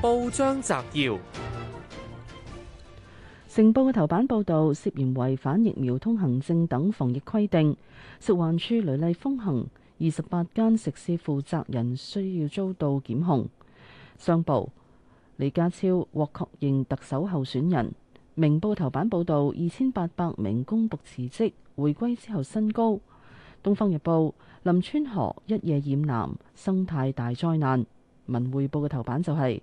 報章摘要：成報嘅頭版報道涉嫌違反疫苗通行證等防疫規定，食環署雷厲風行，二十八間食肆負責人需要遭到檢控。商報李家超獲確認特首候選人。明報頭版報道二千八百名公僕辭職，回歸之後新高。東方日報林村河一夜染藍，生態大災難。文匯報嘅頭版就係、是。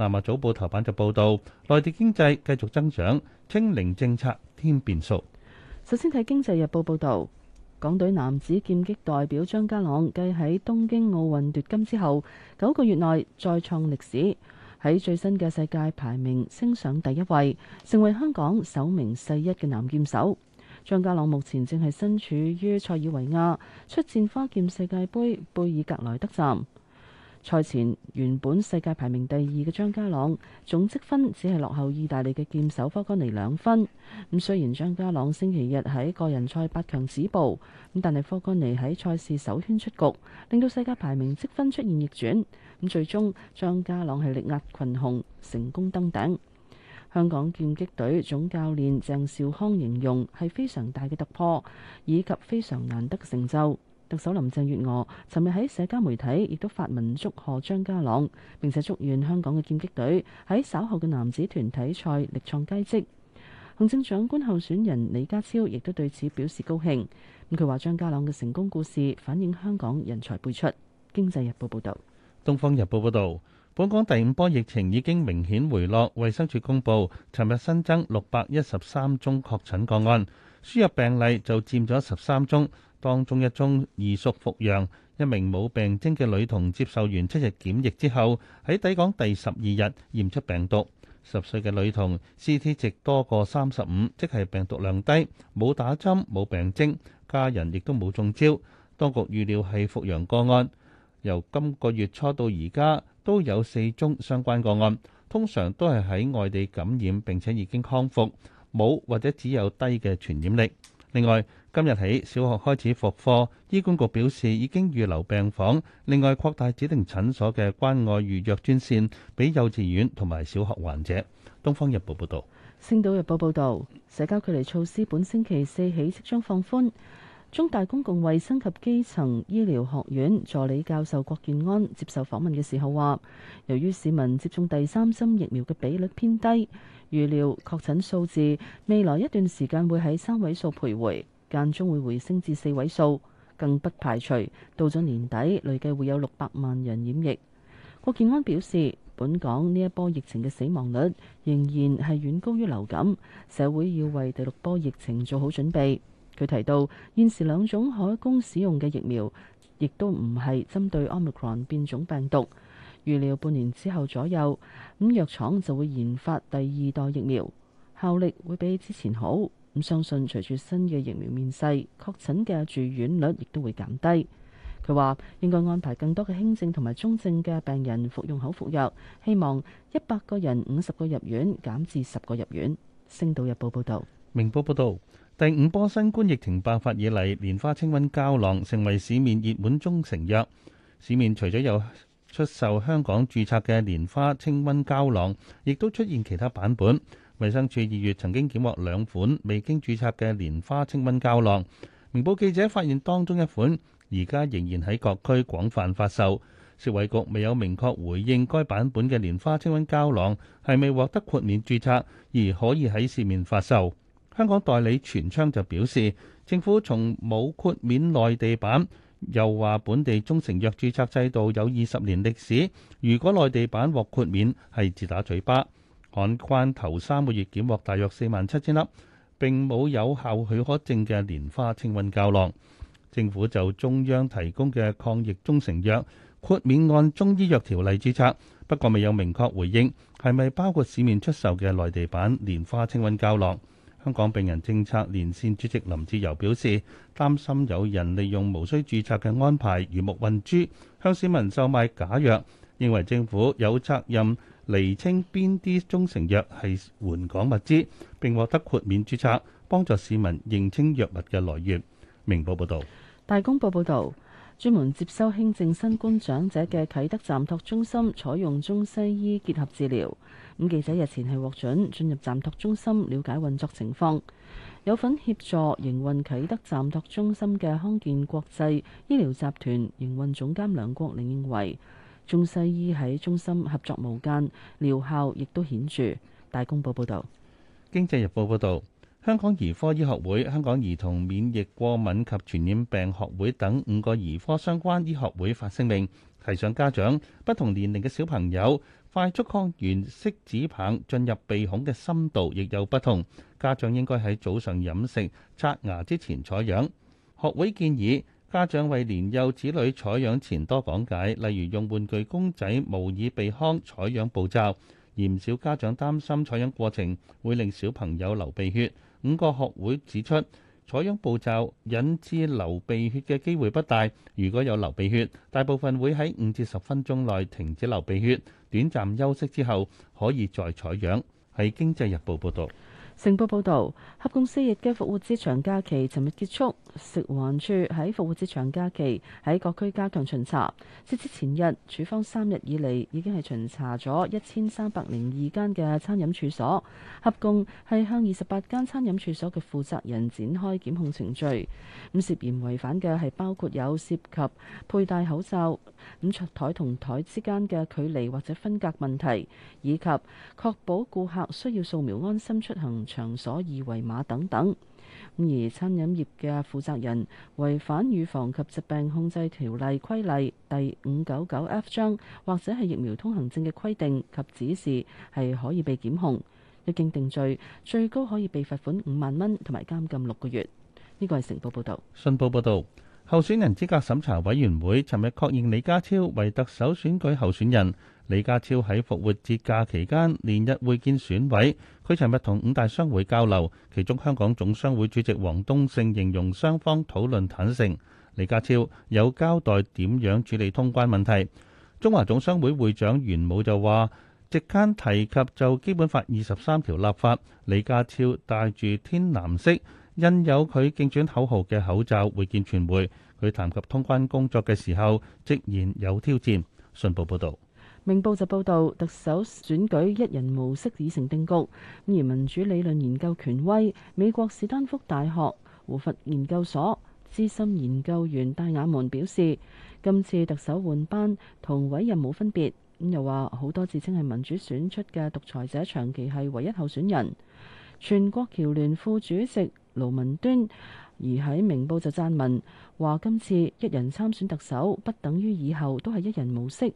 《南華早報》頭版就報道，內地經濟繼續增長，清零政策添變數。首先睇《經濟日報》報道，港隊男子劍擊代表張家朗繼喺東京奧運奪金之後，九個月內再創歷史，喺最新嘅世界排名升上第一位，成為香港首名世一嘅男劍手。張家朗目前正係身處於塞爾維亞，出戰花劍世界盃貝爾格萊德站。賽前原本世界排名第二嘅張家朗，總積分只係落後意大利嘅劍手科甘尼兩分。咁雖然張家朗星期日喺個人賽八強止步，咁但係科甘尼喺賽事首圈出局，令到世界排名積分出現逆轉。咁最終張家朗係力壓群雄，成功登頂。香港劍擊隊總教練鄭兆康形容係非常大嘅突破，以及非常難得嘅成就。特首林鄭月娥尋日喺社交媒體亦都發文祝賀張家朗，並且祝願香港嘅劍擊隊喺稍後嘅男子團體賽力創佳績。行政長官候選人李家超亦都對此表示高興。咁佢話張家朗嘅成功故事反映香港人才輩出。經濟日報報導，東方日報報導，本港第五波疫情已經明顯回落。衛生署公布，尋日新增六百一十三宗確診個案，輸入病例就佔咗十三宗。當中一宗疑似復陽，一名冇病徵嘅女童接受完七日檢疫之後，喺抵港第十二日驗出病毒。十歲嘅女童 CT 值多過三十五，即係病毒量低，冇打針，冇病徵，家人亦都冇中招。當局預料係復陽個案。由今個月初到而家都有四宗相關個案，通常都係喺外地感染並且已經康復，冇或者只有低嘅傳染力。另外，今日起，小學開始復課，醫管局表示已經預留病房，另外擴大指定診所嘅關愛預約專線俾幼稚園同埋小學患者。《東方日報》報道，《星島日報》報道，社交距離措施本星期四起即將放寬，中大公共衛生及基層醫療學院助理教授郭建安接受訪問嘅時候話，由於市民接種第三針疫苗嘅比率偏低，預料確診數字未來一段時間會喺三位數徘徊。間將會回升至四位數，更不排除到咗年底累計會有六百萬人染疫。郭建安表示，本港呢一波疫情嘅死亡率仍然係遠高於流感，社會要為第六波疫情做好準備。佢提到，現時兩種可供使用嘅疫苗，亦都唔係針對 Omicron 變種病毒。預料半年之後左右，咁藥廠就會研發第二代疫苗，效力會比之前好。咁相信隨住新嘅疫苗面世，確診嘅住院率亦都會減低。佢話應該安排更多嘅輕症同埋中症嘅病人服用口服藥，希望一百個人五十個入院減至十個入院。星島日報報道，明報報道，第五波新冠疫情爆發以嚟，蓮花清瘟膠囊成為市面熱門中成藥。市面除咗有出售香港註冊嘅蓮花清瘟膠囊，亦都出現其他版本。衛生署二月曾經檢獲兩款未經註冊嘅蓮花清瘟膠囊，明報記者發現當中一款而家仍然喺各區廣泛發售。食衛局未有明確回應該版本嘅蓮花清瘟膠囊係未獲得豁免註冊而可以喺市面發售。香港代理全昌就表示，政府從冇豁免內地版，又話本地中成藥註冊制度有二十年歷史，如果內地版獲豁免係自打嘴巴。海關頭三個月檢獲大約四萬七千粒並冇有，有效許可證嘅連花清瘟膠囊，政府就中央提供嘅抗疫中成藥豁免按中醫藥條例註冊，不過未有明確回應係咪包括市面出售嘅內地版連花清瘟膠囊。香港病人政策連線主席林志游表示，擔心有人利用無需註冊嘅安排魚目混珠，向市民售賣假藥，認為政府有責任。釐清邊啲中成藥係援港物資，並獲得豁免註冊，幫助市民認清藥物嘅來源。明報報導，大公報報導，專門接收輕症新冠長者嘅啟德暫託中心，採用中西醫結合治療。咁記者日前係獲准進入暫託中心了解運作情況。有份協助營運啟德暫託中心嘅康健國際醫療集團營運總監梁國寧認為，中西醫喺中心合作無間，療效亦都顯著。大公報報道。經濟日報報道，香港兒科醫學會、香港兒童免疫過敏及傳染病學會等五個兒科相關醫學會發聲明，提醒家長，不同年齡嘅小朋友快速抗原拭子棒進入鼻孔嘅深度亦有不同，家長應該喺早上飲食刷牙之前採樣。學會建議家長為年幼子女採樣前多講解，例如用玩具公仔模擬鼻腔採樣步驟，而唔少家長擔心採樣過程會令小朋友流鼻血。五個學會指出，採樣步驟引致流鼻血嘅機會不大。如果有流鼻血，大部分會喺五至十分鐘內停止流鼻血，短暫休息之後可以再採樣。係《經濟日報》報導。成報報導，合共四日嘅復活節長假期尋日結束。食環署喺復活節長假期喺各區加強巡查，截至前日，署方三日以嚟已經係巡查咗一千三百零二間嘅餐飲處所，合共係向二十八間餐飲處所嘅負責人展開檢控程序。咁涉嫌違反嘅係包括有涉及佩戴口罩、咁桌台同台之間嘅距離或者分隔問題，以及確保顧客需要掃描安心出行。場所二維碼等等，而餐飲業嘅負責人違反預防及疾病控制條例規例第五九九 F 章，或者係疫苗通行證嘅規定及指示，係可以被檢控，一經定罪，最高可以被罰款五萬蚊，同埋監禁六個月。呢個係成報報道。信報報道，候選人資格審查委員會尋日確認李家超為特首選舉候選人。李家超喺復活節假期間連日會見選委，佢尋日同五大商會交流，其中香港總商會主席王冬勝形容雙方討論坦誠。李家超有交代點樣處理通關問題。中華總商會會長袁武就話，席間提及就基本法二十三條立法。李家超戴住天藍色印有佢競選口號嘅口罩會見傳媒，佢談及通關工作嘅時候，直言有挑戰。信報報導。明報就報道，特首選舉一人模式已成定局。而民主理論研究權威美國史丹福大學胡佛研究所資深研究員戴雅門表示，今次特首換班同委任冇分別。咁又話好多自稱係民主選出嘅獨裁者，長期係唯一候選人。全國僑聯副主席盧文端而喺明報就撰文話：今次一人參選特首不等於以後都係一人模式。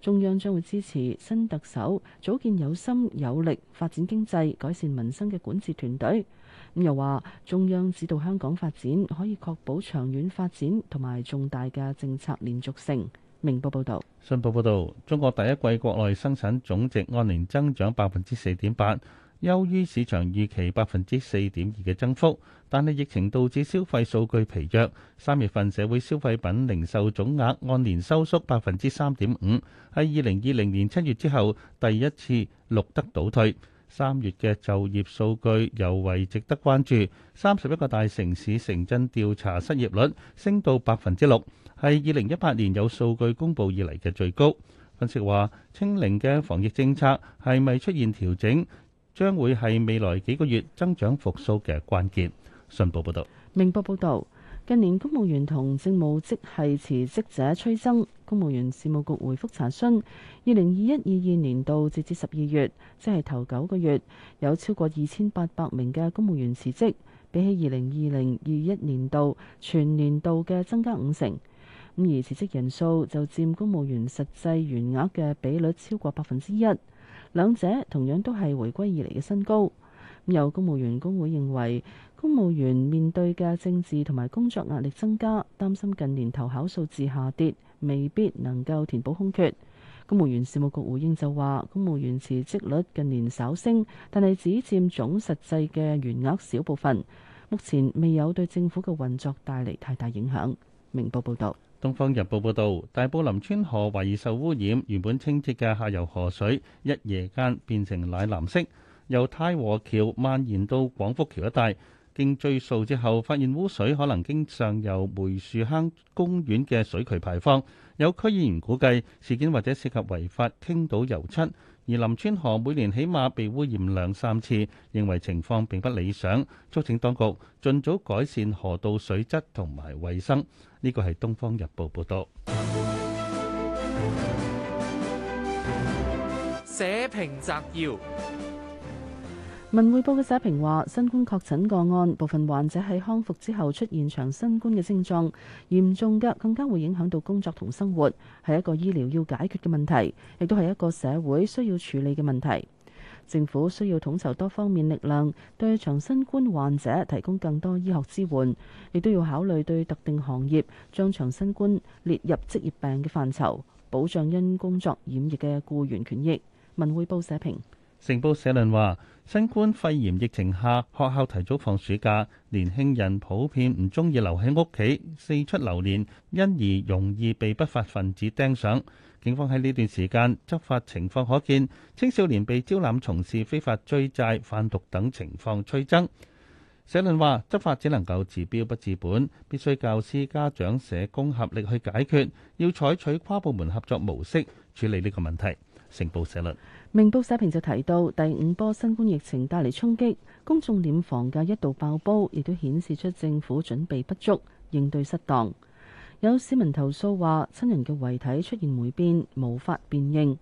中央將會支持新特首組建有心有力發展經濟、改善民生嘅管治團隊。咁又話，中央指導香港發展可以確保長遠發展同埋重大嘅政策連續性。明報報道。信報報道，中國第一季國內生產總值按年增長百分之四點八。優於市場預期百分之四點二嘅增幅，但係疫情導致消費數據疲弱。三月份社會消費品零售總額按年收縮百分之三點五，係二零二零年七月之後第一次錄得倒退。三月嘅就業數據尤為值得關注，三十一個大城市城鎮調查失業率升到百分之六，係二零一八年有數據公佈以嚟嘅最高。分析話，清零嘅防疫政策係咪出現調整？將會係未來幾個月增長復甦嘅關鍵。信報報道，明報報道，近年公務員同政務職系辭職者趨增。公務員事務局回覆查詢，二零二一二二年度截至十二月，即係頭九個月，有超過二千八百名嘅公務員辭職，比起二零二零二一年度全年度嘅增加五成。咁而辭職人數就佔公務員實際員額嘅比率超過百分之一。兩者同樣都係回歸以嚟嘅新高。有公務員工會認為，公務員面對嘅政治同埋工作壓力增加，擔心近年投考數字下跌，未必能夠填補空缺。公務員事務局回應就話，公務員辭職率近年稍升，但係只佔總實際嘅員額小部分，目前未有對政府嘅運作帶嚟太大影響。明報報道。《東方日報》報道，大埔林村河懷疑受污染，原本清澈嘅下游河水一夜間變成奶藍色，由太和橋蔓延到廣福橋一帶。經追溯之後，發現污水可能經上游梅樹坑公園嘅水渠排放。有區議員估計事件或者涉及違法傾倒油漆，而林村河每年起碼被污染兩三次，認為情況並不理想，促請當局盡早改善河道水質同埋衛生。呢個係《東方日報》報道。社評摘要。文匯報嘅社評話：新冠確診個案部分患者喺康復之後出現長新冠嘅症狀，嚴重嘅更加會影響到工作同生活，係一個醫療要解決嘅問題，亦都係一個社會需要處理嘅問題。政府需要統籌多方面力量，對長新冠患者提供更多醫學支援，亦都要考慮對特定行業將長新冠列入職業病嘅範疇，保障因工作染疫嘅雇員權益。文匯報社評。成報社論話。新冠肺炎疫情下，學校提早放暑假，年輕人普遍唔鍾意留喺屋企，四出流連，因而容易被不法分子盯上。警方喺呢段時間執法情況，可見青少年被招攬從事非法追債、販毒等情況趨增。社論話，執法只能夠治標不治本，必須教師、家長、社工合力去解決，要採取跨部門合作模式處理呢個問題。報城社論，明報社評就提到第五波新冠疫情帶嚟衝擊，公眾殮房價一度爆煲，亦都顯示出政府準備不足、應對失當。有市民投訴話，親人嘅遺體出現霉變，無法辨認。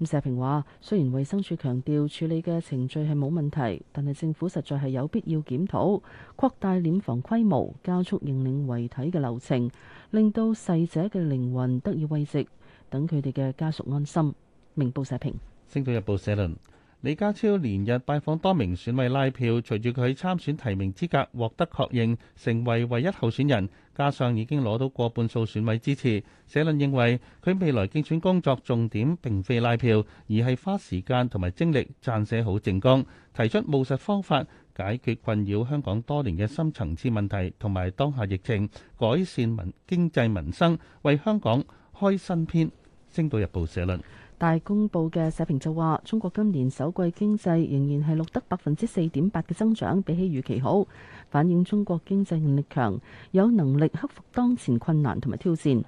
咁社評話，雖然衛生署強調處理嘅程序係冇問題，但係政府實在係有必要檢討擴大殮房規模，加速認領遺體嘅流程，令到逝者嘅靈魂得以慰藉，等佢哋嘅家屬安心。明報社評，《星島日報》社論：李家超連日拜訪多名選委拉票，隨住佢參選提名資格獲得確認，成為唯一候選人，加上已經攞到過半數選委支持，社論認為佢未來競選工作重點並非拉票，而係花時間同埋精力撰寫好政綱，提出務實方法解決困擾香港多年嘅深層次問題，同埋當下疫情改善民經濟民生，為香港開新篇。《星島日報》社論。大公報嘅社評就話：中國今年首季經濟仍然係錄得百分之四點八嘅增長，比起預期好，反映中國經濟力強，有能力克服當前困難同埋挑戰。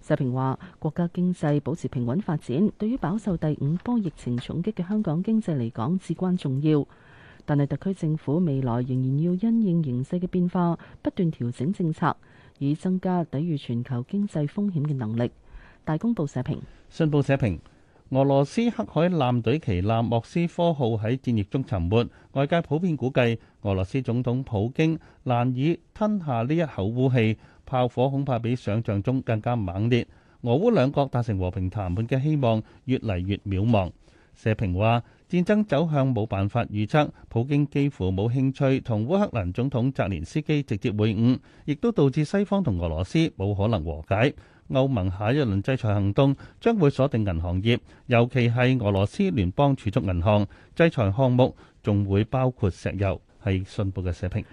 社評話：國家經濟保持平穩發展，對於飽受第五波疫情重擊嘅香港經濟嚟講至關重要。但係特區政府未來仍然要因應形勢嘅變化，不斷調整政策，以增加抵禦全球經濟風險嘅能力。大公報社評，信報社評。俄羅斯黑海艦隊旗艦莫斯科號喺戰役中沉沒，外界普遍估計俄羅斯總統普京難以吞下呢一口污氣，炮火恐怕比想像中更加猛烈。俄烏兩國達成和平談判嘅希望越嚟越渺茫。社評話：戰爭走向冇辦法預測，普京幾乎冇興趣同烏克蘭總統澤連斯基直接會晤，亦都導致西方同俄羅斯冇可能和解。歐盟下一輪制裁行動將會鎖定銀行業，尤其係俄羅斯聯邦儲蓄銀行。制裁項目仲會包括石油。係信報嘅社評。